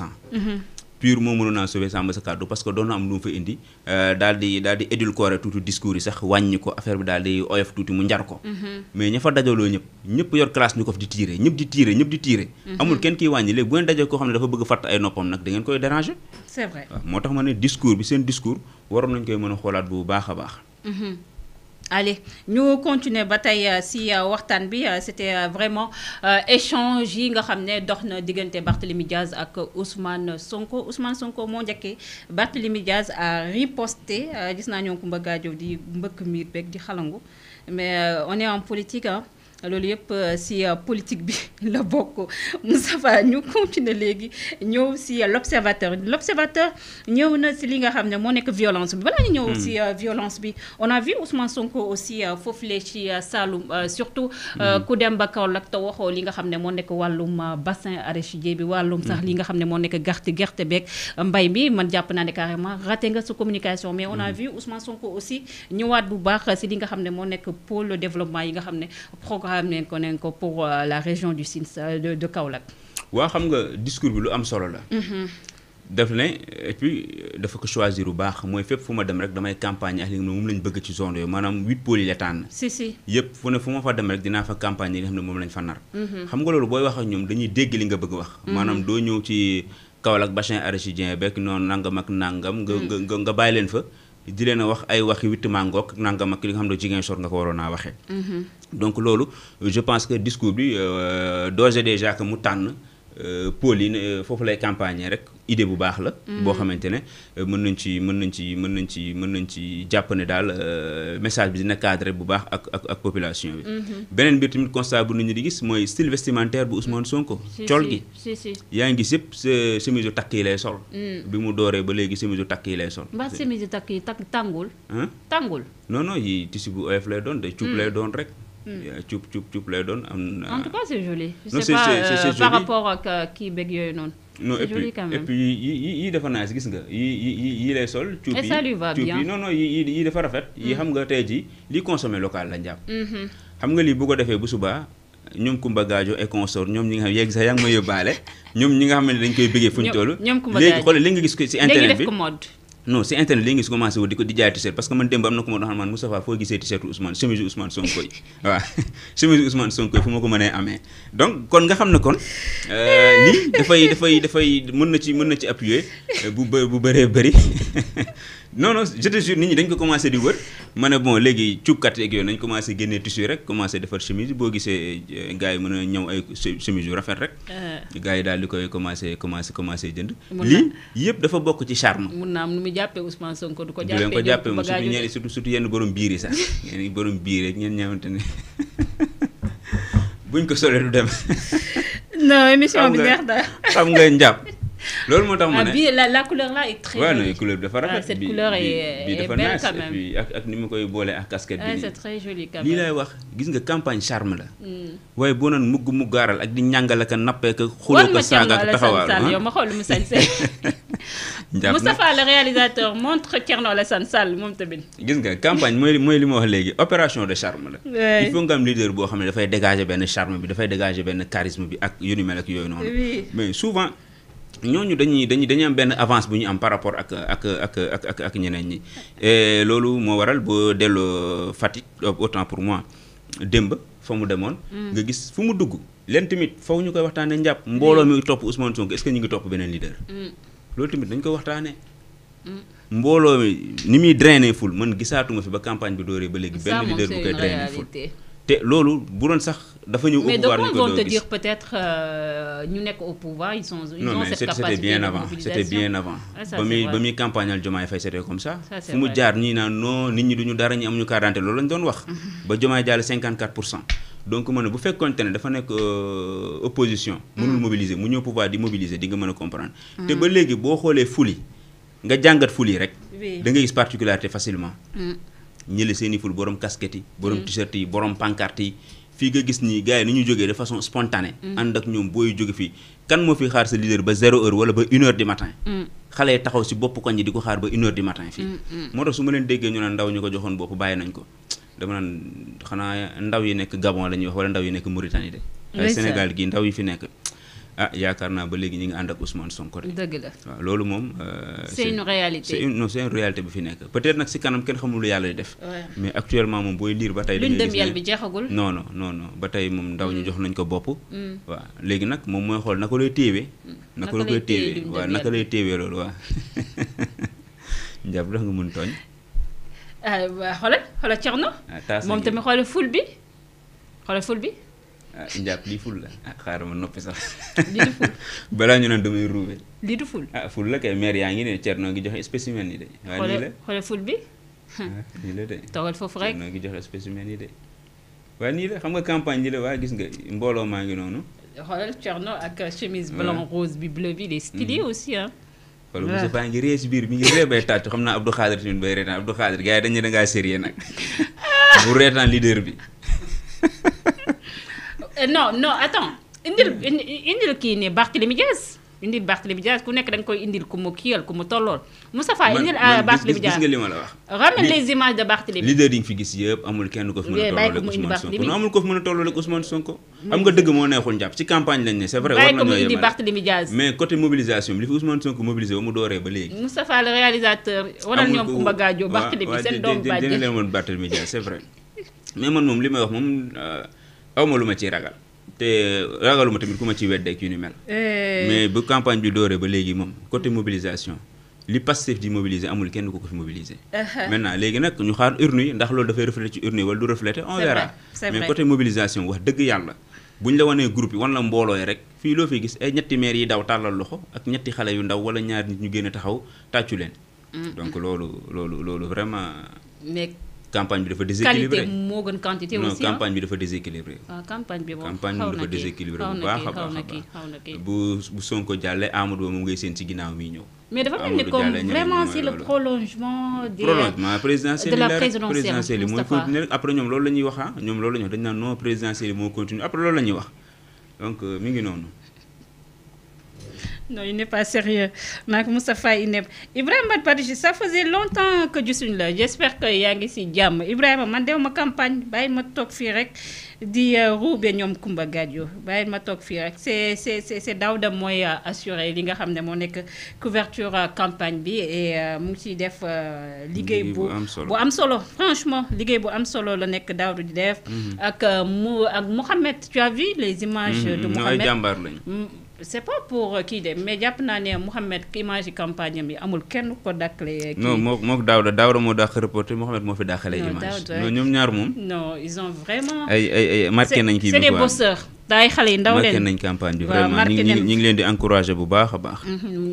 100 mhm. pure moo mënoon naa sauver Samba sa kàddu parce que do na am lu fa indi euh daldi daldi di édulcorer tuuti discours sax wàññi ko affaire bi daldi di oyof tuuti mu njar ko mhm. mais ñafa dajalo ñep ñep yor classe ñu di tirer ñep di tirer ñep di tirer mhm. amul kenn kiy wàññi léegi bu ngeen dajé ko xam dafa bëgg fàtt ay noppam nak da ngeen koy déranger c'est vrai motax mané discours bi seen discours waroon nañ koy mëna xolaat xoolaat bu baax a baax Allez, nous continuons la bataille euh, si à euh, bi euh, c'était vraiment échange yi nga xamné doxna dox Barthélémy Diaz ak Ousmane Sonko Ousmane Sonko mo njëkkee Barthélémy Diaz a riposté gis naa ñoo ko mbëggaajow di mbëkk mir di xalangu mais on est en politique hein loolu yëpp euh, si euh, politique bi la bokk Moustapha ñu continuer léegi ñëw si euh, l' observateur l' observateur ñëw na si li nga xam ne moo nekk violence bi balaa ñu ñëw si hmm. violence bi on a vu Ousmane Sonko aussi foofule ci Saloum surtout hmm. ku dem ba Kaolack te waxoo li nga xam ne moo nekk wàllum bassin arachidier bi wàllum sax hmm. li nga xam ne moo nekk gerte gerte beeg mbay mi man jàpp naa ne carrément raté nga sa communication mais on a vu Ousmane Sonko aussi ñëwaat bu baax si li nga xam ne moo nekk pôle développement yi nga xam ne programme programme leen ko neen ko pour euh, la région du Sinsa euh, de de Kaolack. Wa xam nga discours bi lu am solo la. Hmm. daf ne et puis euh, dafa ko choisir bu baax moy fepp fuma dem rek damay campagne ak li nga lañ bëgg ci zone yo manam 8 pôles yi la tànn. si si yëpp fu ne fu fa dem rek dina fa campagne li nga mom lañ fa nar. Hmm. xam nga loolu boy wax ak ñoom dañuy dégg li nga bëgg wax. Mm-hmm. Manam do ñew ci Kaolack bassin arachidien beeg non nangam ak nangam. nga mm-hmm. nga nga leen fa di leen wax ay waxi witti mangook nangam ak li nga xam ne jigéen sor nga ko waroon naa waxee mhm. donc loolu je pense que discours bi euh, doge déjà que mu tànn Euh, pôles yi euh, foofu lay campagne rek idée bu baax la. Mm. boo xamante ne euh, mën nañ ci mën nañ ci mën nañ ci mën nañ ci jàpp ne daal message bi dina cadré bu baax ak ak ak population bi. Mm-hmm. beneen biir tamit constat bu nit ñi di gis mooy style vestimentaire bu Ousmane mm. Sonko. col gi yaa ngi gis yëpp chemise yu takk yi lay sol. Mm. bi mu dooree ba léegi chemise yu takk yi lay sol. mbaa chemise yu takk yi tàngul. tàngul non non yi tissu bu oyof lay doon day cuub lay doon rek. cuub cuub cuub lay doon am en tout cas c'est est joli. non sais pas, c' est euh, par rapport ak qui euh, beeg yooyu non non et puis et puis yi yi dafa nice gis nga yi yi lay sol. cuub yi et ça lui va bien non non il yi dafa rafet. yi hmm. xam nga tey jii li consommé local la jàpp. Mm-hmm. xam nga lii bu ko defee bu subaa. ñoom Kumba gajo et consort ñom ñi nga xam yegg sa yaa ngi ma yóbbaale ñoom ñi nga xam ne dañ koy bëggee fuñ toll. ñoom Kumba Gaajo léegi xoolal li nga gis ko ci internet bi léegi def ko mode. non si internet léegi su commencé wu di ko di jaay t parce que man démb am na ko ma doon xam foo gisee t-shirt Ousmane chemise Ousmane Sonko yi fu ma ko mënee amee donc kon nga xam ne kon lii euh, dafay dafay dafay mën na ci mën na ci appuyer euh, bu bu bëree bëri non non je te jure nit ñi dañ ko commencé di wër ma bon léegi cuubkat yeeg yooyu nañ commencé génnee tissu rek commencé defar chemise boo gisee eh, gars yi mën faire des ay chemise yu rafet rek. Euh. gars yi daal di koy commencé commencé commencé jënd. lii yëpp dafa bokk ci charme. mun naa am nu mu jàppee Ousmane Sonko du ko jàppee. du ko jàppee des surtout surtout surtout yenn borom biir yi sax yenn borom biir rek des chemises. ne buñ ko solee du dem. non émission bi neex daal xam nga njàpp loolu motax mo ma ah, ne bii la la couleur là est très ouais, jolie. couleur dafa ah, rafet cette couleur est bi dafa nice et puis ak ak ni koy bolé ak casquette bi c'est très joli quand même lii lay wax gis nga campagne charme la hmm. waaye boo naan mugg mu gaaral ak di ñàngal ak a nappee ak xuloo ko saaga ak taxawaalu ah. yow ma xol mu sañse Moustapha le réalisateur montre Thierno Alassane Sall moom tamit gis nga campagne moy moy li ma wax légui opération de charme la il faut nga leader bo xamné da fay dégager ben charme bi da fay dégager ben charisme bi ak yu mel ak yoy non mais souvent ñooñu dañuy dañuy dañuy am benn avance bu ñu am par rapport ak ak ak ak ñeneen ñi et loolu moo waral boo delloo Fatick euh, autant pour moi démb fa mu demoon. Mm. nga gis fu mu dugg leen tamit faw ñu koy waxtaanee njàpp mm. mbooloo mi topp Ousmane Sonko est ñu ngi topp beneen leader. Mm. loolu tamit dañ koy waxtaanee. mbooloo mi ni muy drainer ful man gisaatuma fi ba campagne bi dooree ba léegi. benn leader bu koy drainer ful. te loolu bu doon sax dafa ñëw au pouvoir mais donc on te dire peut-être euh, ñu nekk au pouvoir ils sont ils ont cette capacité de mobilisation c'était bien avant c'était bien avant. ba muy ba muy campagne al Diomaye Faye c'était comme ça. fu mu jaar ñii naan non nit ñi duñu dara ñi amuñu carte d'identité loolu lañu doon wax. ba Diomaye jàll 54 donc ma ne bu fekkoonte ne dafa nekk euh, opposition. mënul mm. mobiliser mu ñëw pouvoir di mobiliser di nga mën comprendre. Mm. te ba léegi boo xoolee ful yi nga jàngat ful rek. da nga gis particularité facilement. Mm. ñële seen i ful borom casquette yi. borom mm. t-shirt yi borom pancarte yi. fii nga gis nii gars yi ni ñu jógee de façon spontanée. Mm. ànd ak ñoom booy jóge fii kan moo fi xaar sa leader ba zéro heure wala ba une heure du matin. Mm. xale yi taxaw si bopp koñ yi di ko xaar ba une heure du matin fii. moo tax su ma leen déggee ñu naan ndaw ñu ko joxoon bopp bàyyi nañ ko dama naan xanaa ndaw yi nekk Gabon la ñuy wax wala ndaw yi nekk Mauritanie de. waaye Sénégal gii ndaw yi fi nekk. ah yaakaar naa ba léegi ñu ngi ànd ak Ousmane Sonko dëgg la waaw loolu moom. Euh, c'est une réalité bu fi nekk peut-être nag si kanam kenn xamul yàlla def. mais actuellement moom booy liir ba tey. dañuy gis ne bi jeexagul. non non non non ba tey moom ndaw ñu mm. jox nañ ko bopp. Mm. waaw léegi nag moom mooy xool naka lay téewee. Mm. naka la koy téewee waaw naka lay téewee loolu waaw. Ndiab ndax nga mën tooñ. Euh, ah waa xoolal xoolal ah, moom tamit xoolal ful bi xoolal ful bi. ah njàpp lii ful la ah xaaral ma noppi sax. lii du ful balaa ñu naan damay ruube. lii du ful ah ful la kay maire yaa ngi ne Thierno ngi joxe spécimen yi de. waaw lii la xoole ful ah, foofu rek Thierno ngi joxe spécimen yi de. waaye nii la xam nga campagne bi la waa gis nga mbooloo maa ngi noonu. xoolal Thierno ak chemise ah. blanc rose bi bleu bi les stylé hmm. aussi ah. waaw xool monsieur Ba ngi ree si biir bi ngi ree bay tàcc xam naa Abdou Khadir tamit bay reetaan Abdou Khadir gars yi dañu ne da ngaa sérieux nag bu reetaan leader bi. Euh, non non attends indil indil kii nii Barthélémy Dias indil Barthélémy Dias ku nekk da nga koy indil ku mu kiyal ku mu tollool Moustapha indil euh, Barthélémy Dias gis nga li ma la wax ramène les images de Barthélémy leader yi fi gis yëpp amul kenn ko fi mën a tollool Ousmane Sonko non amul ko fi mën a tollool Ousmane Sonko am nga dëgg moo neexul jàpp ci campagne lañ ne c'est vrai war nañoo indi Barthélémy Dias mais côté mobilisation bi li fi Ousmane Sonko mobilisé ba mu dooree ba léegi Moustapha le réalisateur waral ñoom Kumba Gadio Barthélémy seen doom bàjj dina leen woon Barthélémy Dias c'est vrai mais man moom li may wax moom euh, awma ne ci ragal te ragaluma tamit ma mel eh. mais bu campagne bi ba côté mobilisation li di mobiliser amul kenn ko fi mobiliser maintenant léegi nag ñu xaar urne yi refléter on verra mais côté mobilisation wax dëgg la groupe yi la rek fi gis ay ñetti yi daw loxo ak ñetti yu ndaw wala donc vraiment campagne bi dafa déséquilibré qualité ah, moo gën quantité aussi non campagne bi dafa déséquilibré. waaw campagne bi moom xaw na kii xaw na kii bu Sonko jàllee Amadou Ba moom ngay seen ci ginnaaw mi ñëw. mais dafa mel ni comme vraiment c'est le prolongement. de prolongement présidentielle de la présidentielle mooy continuer après ñoom loolu la ñuy wax ah ñoom loolu la ñuy wax dañu naan non présidentielle moo continuer après loolu la ñuy wax donc euh, mi ngi noonu. Non, il n'est pas sérieux. Donc, Moustapha, il n'est pas. Ibrahim Badpadji, ça faisait longtemps que je suis là. J'espère que Yangi si Diam. Ibrahim, mandez ma campagne. Bah, il m'a toque rek Di euh, roube ñom kumba gadio. Bah, il m'a toque firek. C'est Daouda Moya euh, assuré. Linga hamne mon ek couverture euh, campagne bi. Et ci def ligue bu bu am solo. Franchement, ligue bu am solo. la nek di def. Mhm. Ak Mohamed, tu as vu les images mhm, de Mohamed? c'est pas pour qui euh, de mais jàpp naa image campagne amul kenn ko dàqale. Euh, non mok reporter Mohammed image non non ils ont vraiment. c'est des bosseurs. daay xalé ndaw marqué campagne vraiment encourager